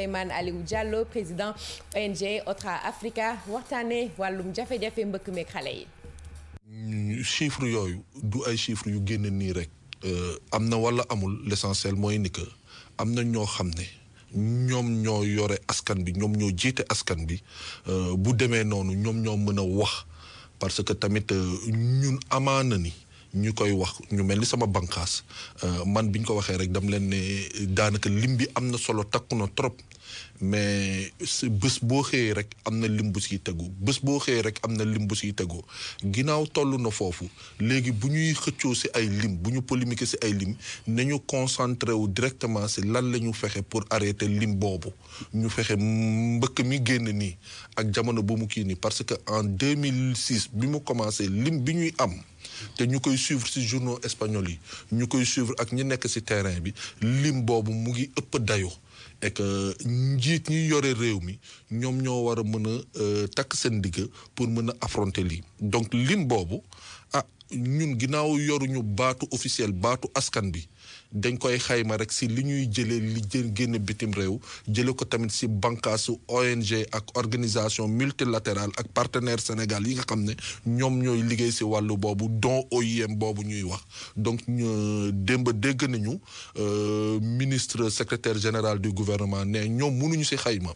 Souleymane Aliou jàlloo président ONG Otra Africa waxtaanee wàllum jafe-jafe mbëkk meeg xale yi. chiffre yooyu du ay chiffre yu génn nii rek. Euh, am na wala amul l'essentiel mooy ni que am na ñoo xam ne ñoom ñoo yore askan bi ñoom ñoo jiite askan bi euh, bu demee noonu ñoom ñoo mën a wax parce que tamit euh, ñun amaana ni. ñu koy wax ñu mel ni sama bànqaas euh, man bi ñu ko waxee rek dam leen ne daanaka lim bi am na solo takku na trop mais bés boo xëyee rek am na lim bu siy tegu bés boo xëyee rek am na lim bu siy tegu ginnaaw toll na foofu léegi bu ñuy xëccoo si ay lim bu ñu polémique si ay lim nañu concentré wu directement si lan la ñu fexe pour arrêter lim boobu ñu fexe mbëkk mi génn nii ak jamono bu mu kii nii parce que en 2006 bi mu commencé lim bi ñuy am te ñu koy suivre si journaux espagnols yi ñu koy suivre ak ñu nekk ci terrain bi lim boobu mu ngi ëpp dayo et que njiit ñi yore réew mi ñoom ñoo war a mën a euh, takk seen digg pour mën a affronter lii donc lim boobu ñun ginnaaw yoruñu baatu officiel baatu askan bi dañ koy xayma rek si li ñuy jëlee li génn bitim réew jële ko tamit si bànqaasu ONG ak organisation multilatérale ak partenaire Sénégal yi nga xam ne ñoom ñooy liggéey si wàllu boobu don OIM boobu ñuy wax donc démb dégg nañu euh, ministre secretaire général du gouvernement ne ñoom mënuñu si xayma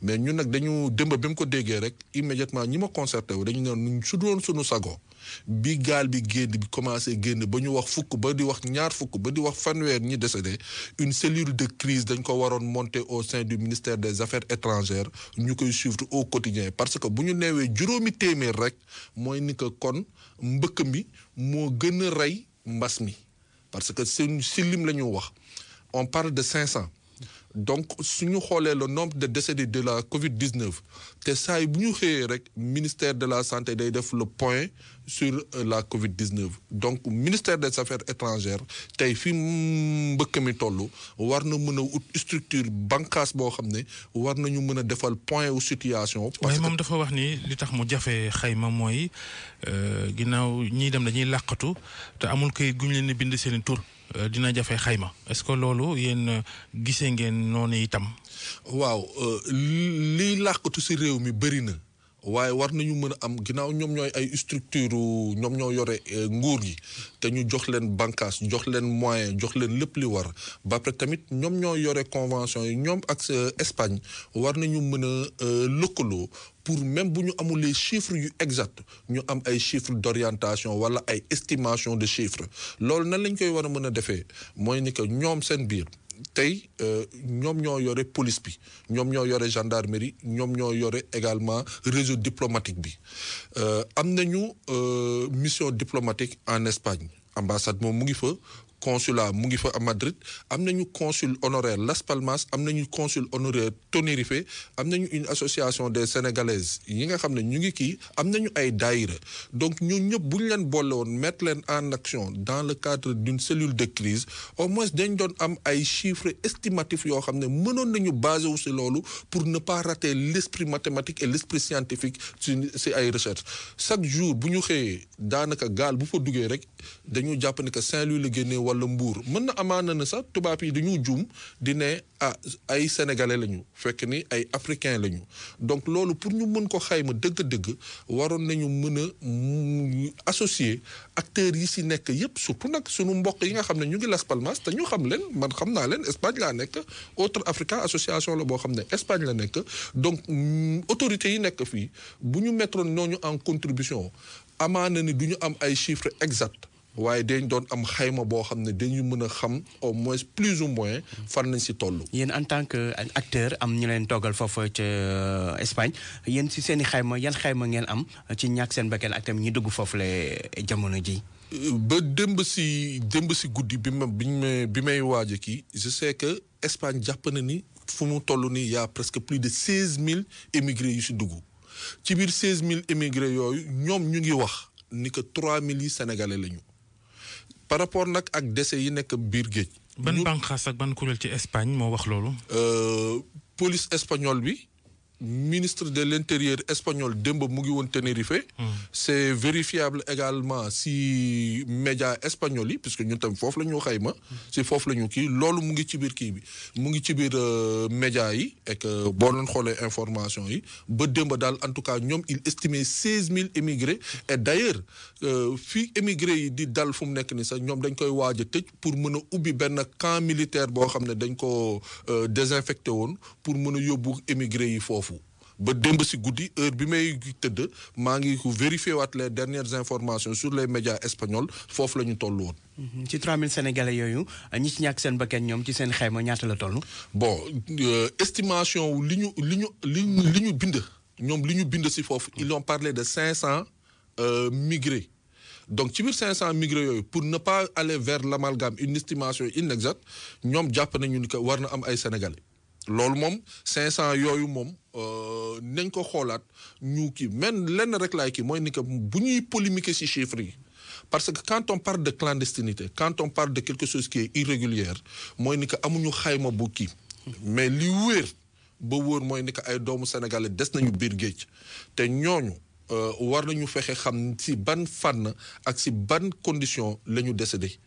mais ñun nag dañu dëmb bi mu ko déggee rek immédiatement ñi ma concerté wu dañu ne su doon suñu sago bi gaal bi génn bi commencé génn ba ñu wax fukk ba di wax ñaar fukk ba di wax fanweer ñi décédé une cellule de crise dañ ko waroon monter au sein du ministère des affaires étrangères ñu koy suivre au quotidien parce que bu ñu neewee juróomi téeméer rek mooy ni que kon mbëkk mi moo gën a rey mbas mi parce que seen si lim la ñu wax on parle de cinq 500. donc suñu xoolee le nombre de décédés de la Covid 19 te saa yi bu ñu xëyee rek ministère de la santé day def le point sur euh, la Covid 19 donc ministère des affaires étrangères tey fi mbëkk mi toll war na mën a ut structure bànqaas boo xam ne war nañu mën a defal point ou situation. parce moom dafa wax ni li tax mu jafe xayma mooy euh, ginnaaw ñii dem dañuy làqatu te amul kayit gu ñu leen bind seen i tur. Euh, dina jafe xayma est-ce que loolu yéen euh, gisee ngeen noonu itam. waaw euh, li làqatu si réew mi bëri na waaye war nañu mën a am ginnaaw ñoom ñooy ay structure ñoom ñoo yore nguur yi te ñu jox leen bànqaas jox leen moyen jox leen lépp li war ba pare tamit ñoom ñoo yore convention yi ñoom ak Espagne war nañu mën a lëkkaloo pour même bu ñu amul les chiffres yu exact ñu am ay chiffres d'orientation wala ay estimation de chiffres loolu nan lañ koy war a mën a defee mooy ni que ñoom seen biir tey euh, ñoom ñoo yore police bi ñoom ñoo yore gendarmerie ñoom ñoo yore également réseau diplomatique bi euh, am nañu euh, mission diplomatique en Espagne ambassade moom mu ngi fa consulat mu ngi fa Madrid am na nañu consul honoraire Las Palmas am nañu consul honoraire Tenerife am nañu une association des sénégalaises yi nga xam ne ñu ngi kii am nañu ay daayira donc ñu ñëpp bu ñu leen boole woon mettre leen en action dans le cadre d'une cellule de crise au moins dañ doon am ay chiffres estimatifs yoo xam ne mënoon nañu basé wu si loolu pour ne pas rater l'esprit mathématique et l'esprit scientifique si si ay recherche chaque jour bu ñu xëyee daanaka gaal bu fa duggee rek dañu jàpp ne que Saint-Louis wala mbuur mën na amaan na sax tubaab yi dañu juum di ne ah ay sénégalais lañu fekk ni ay africain lañu donc loolu pour ñu mën ko xayma dëgg-dëgg waroon nañu mën a associer acteurs yi si nekk yépp surtout nag sunu mboq yi nga xam ne ñu ngi Las Palmas te ñu xam leen man xam naa leen Espagne laa nekk autre Africa association la boo xam ne Espagne la nekk donc mm, autorités yi nekk fii bu ñu mettroon ñooñu en contribution amaana ni du ñu am ay chiffres exacts waaye dañ doon am xayma boo xam ne dañu mën a xam au moins plus ou moins fan nañ si toll. yéen en tant que acteur am ñu leen toggal foofu ca euh, Espagne yéen si seen i xayma yan xayma ngeen am ci ñàkk seen bakkan ak tamit ñi dugg foofu la jamono ji ba démb si démb si guddi bi ma bi may bi may waaj kii je sais que Espagne jàpp na ni fu mu toll nii y' a presque plus de seize mille émigrés yu si dugg ci biir seize mille émigrés yooyu ñoom ñu ngi wax ni que trois mille yi sénégalais lañu. par rapport nag ak décès yi nekk biir géej. ban bànqaas ak ban kuréel ci Espagne moo wax loolu. Euh, police espagnole bi ministre de l'intérieur espagnol démb mu ngi woon Tenerife. Hmm. c'est vérifiable également si média espagnol yi parce que ñun tam foofu la ñu xayma. si foofu la ñu kii loolu mu ngi ci biir kii bi mu ngi ci biir euh, média yi et boo doon xoolee information yi ba démb daal en tout cas ñoom il estimait seize mille émigrés et d'ailleurs euh, fii émigrés yi di dal fu mu nekk ni sax ñoom dañ koy waaj a tëj pour mën a ubbi benn camp militaire boo xam ne dañ ko euh, désinfecté woon pour mën a yóbbu émigrés yi foofu. ba démb si guddi heure bi may tëdd maa ngi vérifier waat les dernières informations sur les médias espagnols foofu la ñu toll woon. Mhm. ci 3000 sénégalais yooyu ñi ci ñàkk seen bakkan ñoom ci seen xayma ñaata la toll. bon euh, estimation wu li ñu li ñu li ñu bind ñoom li ñu bind si foofu. ils ont parlé de 500 euh, migrés. donc ci biir 500 migrés yooyu pour ne pas aller vers l'amalgame une estimation inexacte ñoom jàpp nañu ni ko war na am ay sénégalais. loolu moom 500 yooyu moom euh, nañ ko xoolaat ñu kii même lenn rek laay kii mooy ni que bu ñuy polémiquer ci chiffres yi parce que quand on de clandestinité quand on parle de quelque chose qui irrégulière mooy ni que amuñu xayma bu kii mais li wéer ba wóor mooy ni que ay doomu sénégalais des nañu biir géej te ñooñu euh, war nañu fexe xam si ban fànn ak si ban condition la ñu décédé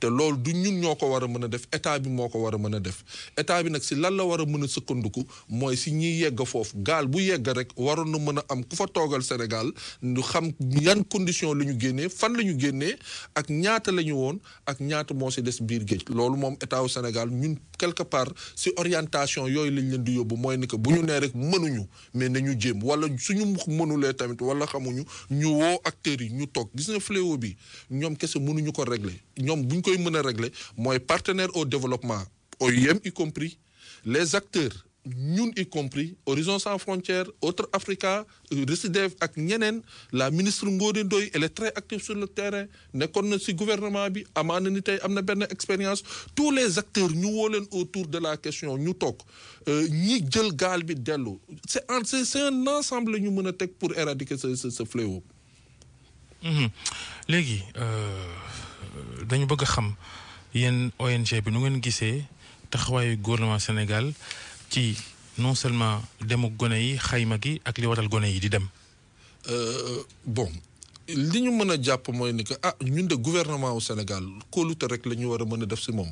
te loolu du ñun ñoo ko war a mën a def état bi moo ko war a mën a def état bi nag si lan la war a mën a sëkkandiku mooy si ñiy yegg foofu gaal bu yegg rek waroon na mën a am ku fa toogal Sénégal ñu xam yan condition la ñu génnee fan la ñu génnee ak ñaata lañu woon ak ñaata moo si des biir géej loolu moom état wu Sénégal ñun quelque part si orientation yooyu lañ leen di yóbbu mooy ni ko bu ñu nee rek mënuñu mais nañu jéem wala suñu mënulee tamit wala xamuñu ñu woo acteurs yi ñu toog gis nga fléau bi ñoom kese mënuñu ko régler ñoom koy mën a régler mooy partenaire au développement OIM y compris les acteurs ñun y compris Horizon sans frontières Autre Africa Recidev ak ñeneen la ministre Ngoné Ndoye elle est très active sur le terrain nekkoon na ci gouvernement bi amaana ni tey am na benn expérience tous les acteurs ñu woo leen autour de la question ñu toog euh, ñi jël gaal bi dellu c'est en c'est un ensemble la ñu mën a teg pour éradiquer ce ce ce mmh léegi euh, dañu bëgg xam yéen ONG bi nu ngeen gisee taxawaayu gouvernement Sénégal ci non seulement demu gone yi xayma gi ak li waral gone yi di dem. Euh, bon li ñu mën a jàpp mooy ni que ah ñun de gouvernement wu Sénégal kóolute rek la ñu war a mën a def si moom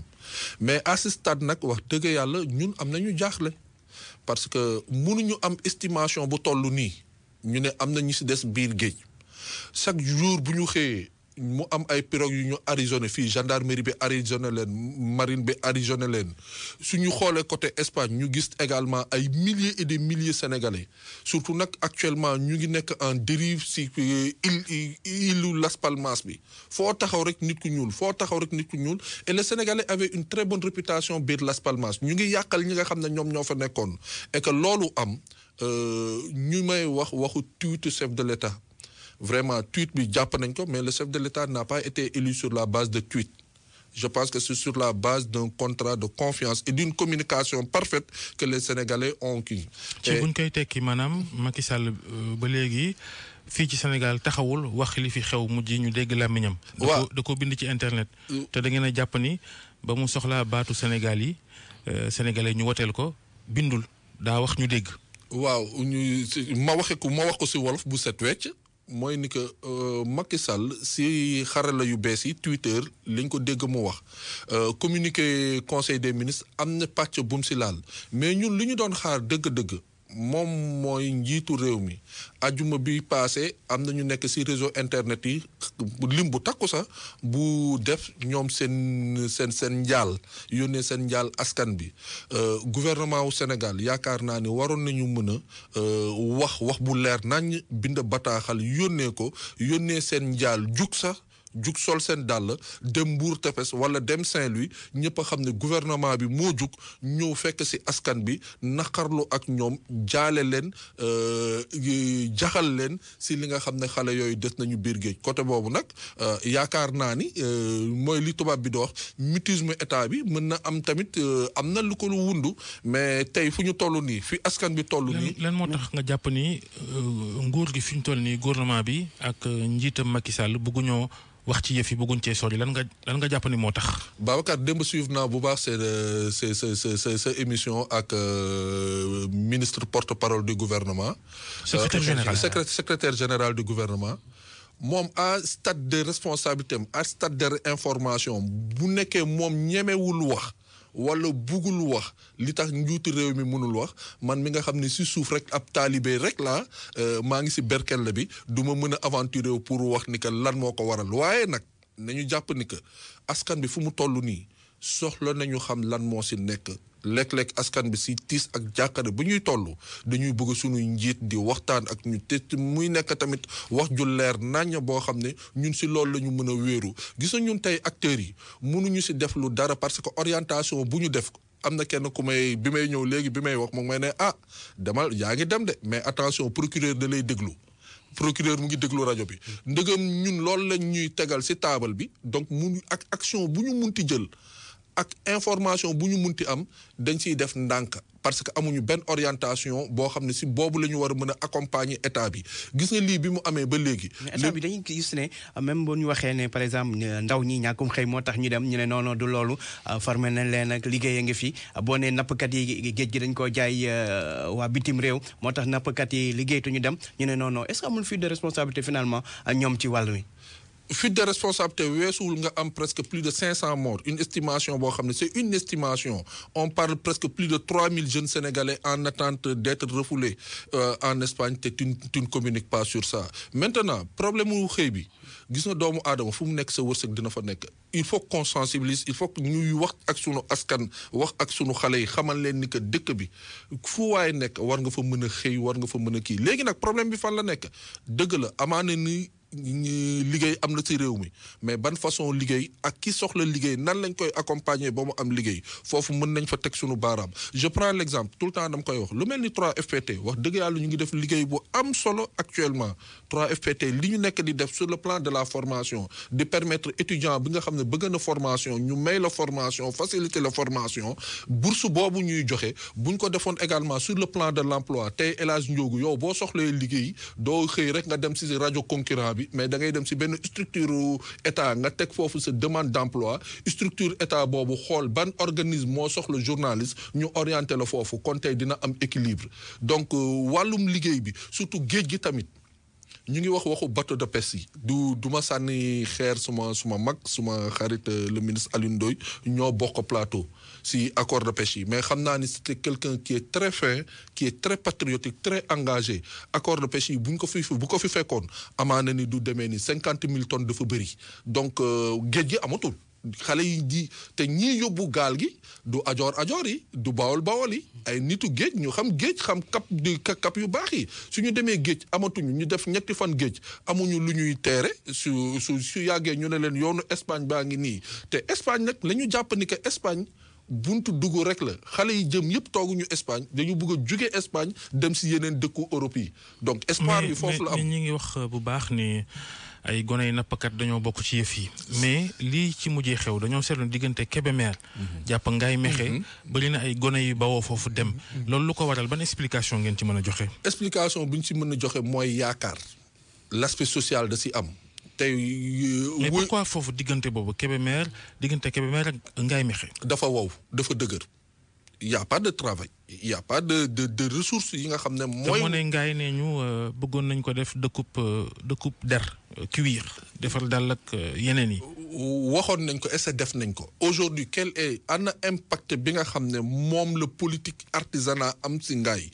mais à stade nag wax dëgg yàlla ñun am nañu jaaxle parce que mënuñu am estimation bu toll nii ñu ne am na ñu si des biir géej chaque jour bu ñu xëyee. mu am ay pirogue yu ñu arizone fii gendarmerie bi arizone leen marine bi arizone leen su ñu xoolee côté Espagne ñu gis également ay milliers et des milliers sénégalais surtout nag actuellement ñu ngi nekk en dérive si île euh, îlu Las Palmas bi foo taxaw rek nit ku ñuul foo taxaw rek nit ku ñuul et les sénégalais avaient une très bonne réputation biir Las Palmas ñu ngi yàqal ñi nga xam ne ñoom ñoo fa nekkoon et que loolu am euh, ñu may wax waxu tuuti chef de l'État vraiment tweet bi jàpp nañ ko mais le chef de l'État n'a pas été élu sur la base de tweet je pense que c'est sur la base d'un contrat de confiance et d'une communication parfaite que les Sénégalais ont kii. ci buñ koy tekki maanaam Macky Sall euh, ba léegi fii ci Sénégal taxawul wax li fi xew mujj ñu dégg làmmiñam. waaw da ko bind ci internet. Euh. te da ngeen a jàpp ni ba mu soxlaa baatu Sénégal yi euh, sénégalais ñu woteel ko bindul daa wax ñu dégg. waaw ñu ma waxee ko ma wax ko si wolof bu set wecc mooy ni que euh, Macky Sall si xarala yu bees yi Twitter liñ ko dégg mu wax euh, communiqué conseil des ministres am na pàcc bu mu si laal mais ñun li ñu doon xaar dëgg-dëgg. moom mooy njiitu réew mi ajuma bi passé am na ñu nekk ci réseau internet yi lim bu takku sax bu def ñoom seen seen seen njaal yónnee seen njaal askan bi euh, gouvernement wu Sénégal yaakaar naa ni waroon nañu mën a euh, wax wax bu leer nañ bind bataaxal yónnee ko yónnee seen njaal jug sax jug sol seen dàll dem Mbour Tefes wala dem Saint-Louis ñëpp a xam ne gouvernement bi moo jug ñëw fekk si askan bi naqarlu ak ñoom jaale leen euh, jaxal leen si li nga xam ne xale yooyu des nañu biir géej côté boobu nag euh, yaakaar naa ni euh, mooy li tubaab bi di wax mutisme état bi mën na am tamit am na lu ko lu wundu mais tey fu ñu toll nii fi askan bi toll nii. leen moo tax nga jàpp ni nguur gi fi ñu toll nii gouvernement bi ak njiitam Macky Sall bëgguñoo wax ci yëf yi bëgguñ cee yi lan nga lan nga jàpp moo tax. Babacar démb suivre naa bu baax c'est c'est sa émission ak euh, ministre porte-parole du gouvernement. Euh, secrétaire général secrétaire général du gouvernement. moom à stade de responsabilité am à stade de information bu nekkee moom ñemewul wax. wala bugul wax li tax njuuti réew mi mënul wax man mi nga xam ni si suuf rek ab taalibe rek laa euh, maa ngi si berkel bi du ma mën a aventurer pour wax ni que lan moo ko waral waaye nag nañu jàpp ni que askan bi fu mu toll nii soxla nañu xam lan moo si nekk léeg-léeg askan bi si tiis ak jàkkaare bu ñuy toll dañuy bëgg suñuy njiit di waxtaan ak ñu te muy nekk tamit wax ju leer naññ boo xam ne ñun si loolu la ñu mën a wéeru gis na ñun tey acteurs yi mënuñu si def lu dara parce que orientation bu ñu def ko am na kenn ku may bi may ñëw léegi bi may wax moom may ne ah demal yaa ngi dem de mais attention procureur da lay déglu procureur mu ngi déglu rajo bi ndëgam ñun loolu lañ ñuy tegal si taabal bi donc mun ak action bu ñu munti jël ak information bu ñu mun munti am dañ ciy def ndànk parce que amuñu benn orientation boo xam ne si boobu la ñu war a mën a accompagner état bi gis nga lii bi mu amee ba léegi. état bi dañuy gis ne même bu ñu waxee ne par exemple ndaw ñi ñàkkum xëy moo tax ñu dem ñu ne non du loolu formé nañ leen ak liggéey a ngi fi boo nappkat yi géej gi dañ koo jaay euh, waa bitim réew moo tax nappkat yi liggéeytu ñu dem ñu ne non non est-ce que amul fuite de responsabilité finalement ñoom ci wàll wi. fuite de responsabilité weesuwul nga am presque plus de cinq cent morts une estimation boo xam ne c'est une estimation on parle presque plus de trois mille jeunes sénégalais en attente d'être refoulés euh, en Espagne te tu communique ne communiques pas sur ça maintenant problème mu xëy bi gis nga doomu aadama fu mu nekk sa wërsëg dina fa nekk il faut qu'on sensibilise il faut que ñuy wax ak sunu askan wax ak sunu xale yi xamal leen ni que dëkk bi fu waaye nekk war nga fa mën a xëy war nga fa mën a kii léegi nag problème bi fan la nekk dëgg la amaana ñi liggéey am na ci réew mi mais ban façon liggéey ak ki soxla liggéey nan lañ koy accompagner ba mu am liggéey foofu mën nañ fa teg sunu baaraam je prends l' exemple tout le temps dama koy wax lu mel ni 3FPT wax dëgg yàlla ñu ngi def liggéey bu am solo actuellement 3FPT li ñu nekk di def sur le plan de la formation di permettre étudiant bi nga xam ne bëgg na formation ñu may la formation faciliter la formation bourse boobu ñuy joxe buñ ko defoon également sur le plan de l' emploi tey El Hadj Ndiogu boo soxlee liggéey doo xëy rek nga dem si rajo concurrent bi mais da ngay dem si benn structure état nga teg foofu sa demande d'emploi structure état boobu xool ban organisme moo soxla journaliste ñu orienté la foofu kon tey dina am équilibre donc euh, wàllum liggéey bi surtout géej gi tamit ñu ngi wax waxu bateau de pêche yi du du ma sànni xeer suma suma mag suma xarit euh, le ministre Alioune ñoo bokk plateau si accord de pêche yi mais xam naa ni c'était quelqu'un ki est très fin qui est très patriotique très engagé accord de pêche yi bu ñu ko fi bu ko fi fekkoon amaana ni du demee ni cinquante mille tonnes dafa bëri donc euh, géej gi amatul xale yi di te ñii yóbbu gaal gi du ajoor ajoor yi du bawol bawol yi ay nitu géej ñu xam géej xam kap kap yu baax yi ñu demee géej amatuñu ñu def ñetti fan géej amuñu lu ñuy teere su su su yàggee ñu ne leen yoonu Espagne baa ngi nii te Espagne nag la ñu jàpp ni que Espagne buntu dugg rek la xale yi jëm yëpp tooguñu Espagne dañu bëgg a jugee Espagne dem si yeneen dëkku Europe yi donc. espoir bi foofu la am ñi ngi wax euh, bu baax ni ay gone yi nappkat dañoo bokk ci yëf mais lii ci mujjee xew dañoo seetlu diggante Kébémer. Mhm. jàpp ngaay mexe mhm. bari na ay gone yu bawoo foofu dem. Mhm. loolu lu ko waral ban explication ngeen ci mën a joxe. explication bu ñu ci mën a joxe mooy yaakaar l'aspect social da si am. tey. Euh, mais pourquoi foofu diggante boobu Kébémer diggante Kébémer ak Ngaye Mékhé. dafa wow dafa dëgër. y' a pas de travail. y' a pas de de de ressources yi nga xam ne. mooy te ne Ngaye nee ñu euh, bëggoon nañ ko def découpe euh, découpe der cuir defar dal ak yeneen yi. waxoon nañ ko essai def nañ ko. aujourd'hui quel est ana impacte bi nga xam ne moom la politique artisanat am si Ngaye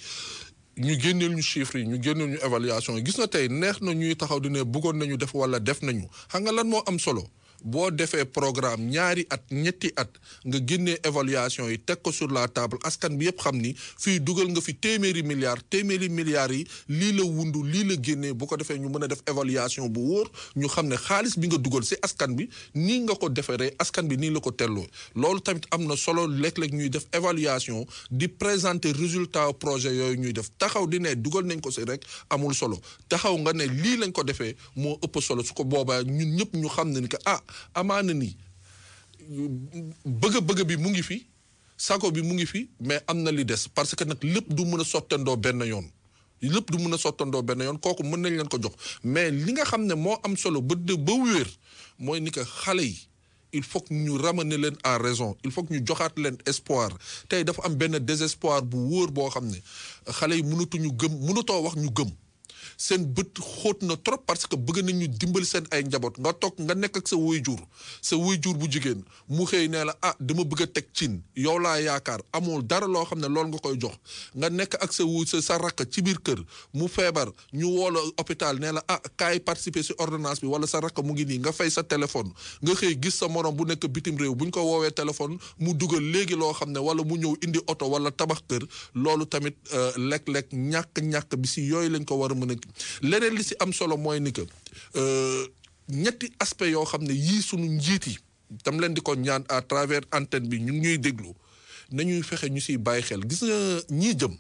ñu génneel ñu chiffres yi ñu génneel ñu évaluation gis na tey neex na ñuy taxaw di ne bëggoon nañu def wala def nañu xam lan moo am solo boo defee programme ñaari at ñetti at nga génnee évaluation yi teg ko sur la table askan bi yëpp xam ni fii dugal nga fi téeméeri milliards téeméeri milliards yi lii la wundu lii la génnee bu ko defee ñu mën a def évaluation bu wóor ñu xam ne xaalis bi nga dugal si askan bi nii nga ko defee rek askan bi nii la ko telloo loolu tamit am na solo léeg-léeg ñuy def évaluation di présenter résultat projet yooyu ñuy def taxaw di ne dugal nañ ko si rek amul solo taxaw nga ne lii lañ ko defee moo ëpp solo su ko boobaa ñun ñëpp ñu xam ne amaana ni bëgg-bëgg bi mu ngi fi sago bi mu ngi fi mais am na li des parce que nag lépp du mën a sottandoo benn yoon lépp du mën a sottandoo benn yoon kooku mën nañ leen ko jox mais li nga xam ne moo am solo ba dë ba wéer mooy ni que xale yi il faut que ñu ramener leen à raison il faut ñu joxaat leen espoir tey dafa am benn désespoir bu wóor boo xam ne xale yi mënatuñu gëm mënatoo wax ñu gëm seen bët xóot na trop parce que bëgg nañ ñu dimbali seen ay njaboot nga toog nga nekk ak sa wuy jur sa jur bu jigéen mu xëy nee la ah dama bëgg a teg cin yow laa yaakaar amul dara loo xam ne loolu nga koy jox nga nekk ak sa wu sa rakk ci biir kër mu feebar ñu woola hôpital nee la ah kaay participer si ordonnance bi wala sa rakk mu ngi nii nga fay sa téléphone nga xëy gis sa morom bu nekk bitim réew bu ñu ko woowee téléphone mu dugal léegi loo xam ne wala mu ñëw indi oto wala tabax kër loolu tamit euh, lekk-lekk ñàkk-ñàkk bi si yooyu lañ ko war a mën a leneen li si am solo mooy ni que euh, ñetti aspect yoo xam ne yii sunu njiit yi tam leen di ko ñaan à travers antenne bi ñu ngi ñuy déglu nañuy fexe ñu siy bàyyi xel gis nga ñii jëm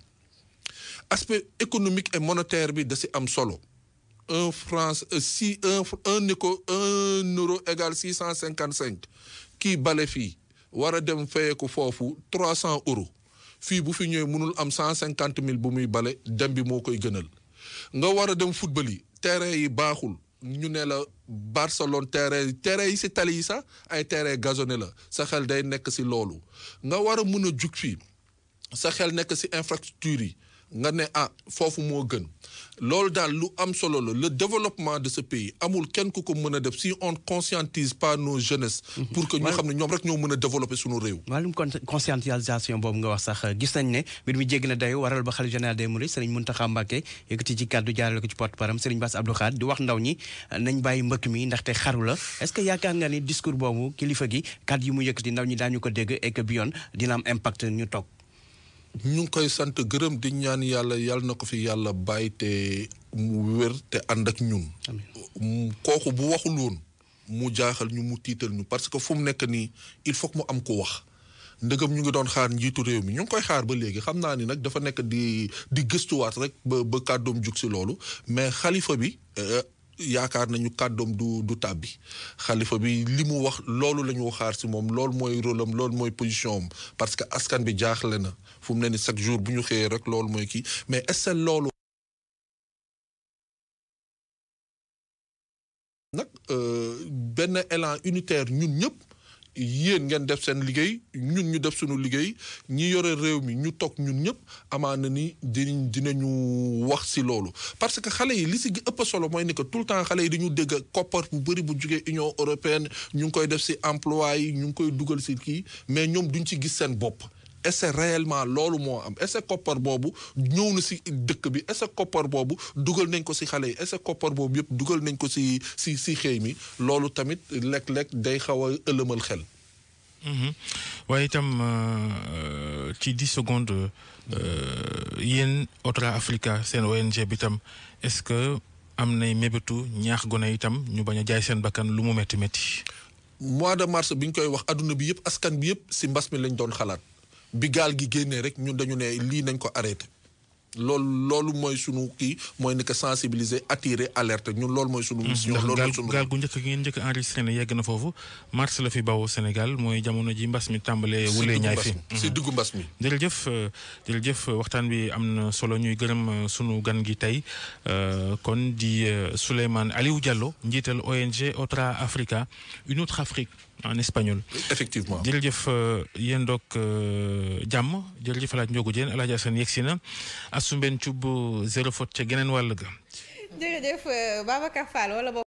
aspect économique et monétaire bi da si am solo un franc euh, si un un éco un euro égal six cent cinquante cinq kii bale fii war a dem ko foofu trois cent euros fii bu fi ñëwee mënul am cent cinquante mille bu muy bale dem bi moo koy gënal nga war a dem football yi terrain yi baaxul ñu ne la Barcelone terrain yi yi si tali yi sax ay terrain gazonné la sa xel day nekk si loolu nga war a mun a jug fi sa xel nekk si infrastructure yi nga ne ah foofu moo gën loolu daal lu am solo la le développement de ce pays amul kenn ku ko mën a def si on conscientise pas nos jeunesses. Mhm. pour que ñu xam ne ñoom rek ñoo mën a développer suñu réew. wàllum conscientisation boobu nga wax sax gis nañ ne mbir mi jégg na dayo waral ba xalifa général des mourides Serigne Mountakha Mbacké yëkkati ci kàddu jaarale ko ci porte-parole Serigne Bass Abdou Khadre wax ndaw ñi eh, nañ bàyyi mbëkk mi ndaxte xaru la est-ce yaakaar nga ni discours boobu kilifa gi kàddu mu yëkkati ndaw ñi daañu ko dégg et que bi yoon dina toog. ñu ngi koy sant gërëm di ñaan yàlla yàlla na ko fi yàlla bàyyi te mu wér te ànd ak ñun. kooku bu waxul woon mu jaaxal ñu mu tiital ñu parce que fu mu nekk nii il faut mu am ko wax. ndëgëm ñu ngi doon xaar njiitu réew mi ñu ngi koy xaar ba léegi xam naa ni nag dafa nekk di di gëstuwaat rek ba ba jug si loolu mais xalifa bi euh, yaakaar nañu kàddoom du du tàbbi xalifa bi li mu wax loolu la ñu xaar si moom loolu mooy rôle am loolu mooy position parce que askan bi jaaxle na fu mu ne ni chaque jour bu ñu xëyee rek loolu mooy ki mais est-ce loolu nag euh, benn élan unitaire ñun ñëpp yéen ngeen def seen liggéey ñun ñu def suñu liggéey ñi yore réew mi ñu toog ñun ñëpp amaana ni di dinañ dinañu wax si loolu parce que xale yi li si ëpp solo mooy ni que tout le temps xale yi dañu dégg koppar bu bëri bu jugee Union européenne ñu ngi koy def si emploi yi ñu ngi koy dugal si kii mais ñoom duñ si gis seen bopp est ce loolu moo am est koppar boobu ñëw na si dëkk bi est koppar boobu dugal nañ ko si xale yi est ce koppar boobu yëpp dugal nañ ko si si si xëy mi loolu tamit lekk-lekk day xaw a ëlëmal xel. Mm-hmm. waaye itam euh, euh, ci dix secondes euh, yéen Otra Africa seen ONG bi tam est ce que am nay mébétu ñaax gone itam ñu bañ a jaay seen bakkan lu mu metti métti. mois de mars bi ñu koy wax adduna bi yëpp askan bi yëpp si mbas mi lañ doon xalaat. bi gaal gi génnee rek ñun dañu ne lii nañ ko arrêté loolu loolu mooy sunu kii mooy ni que sensibiliser attirer alerte ñun loolu mooy sunu mm-hmm. mission loolu mooy sunu gaal gu njëkk gi ngeen njëkk enregistré ne yegg na foofu mars la fi baw Sénégal mooy jamono ji mbas mi tàmbalee wulee ñaay si mm-hmm. diggu mbas mi jërëjëf euh, jërëjëf waxtaan bi am na solo ñuy gërëm euh, sunu gan gi tey euh, kon di Souleymane Aliou Diallo njiital ONG Otra Africa une autre Afrique en espagnol. effectivement jërëjëf euh, yéen donc euh, jàmm jërëjëf El Hadj Ndiogou Diène El Hadj Assane yegsi na Assou Mbène Thioub euh, zéro faute ca geneen wàll ga. jërëjëf Babacar Fall wala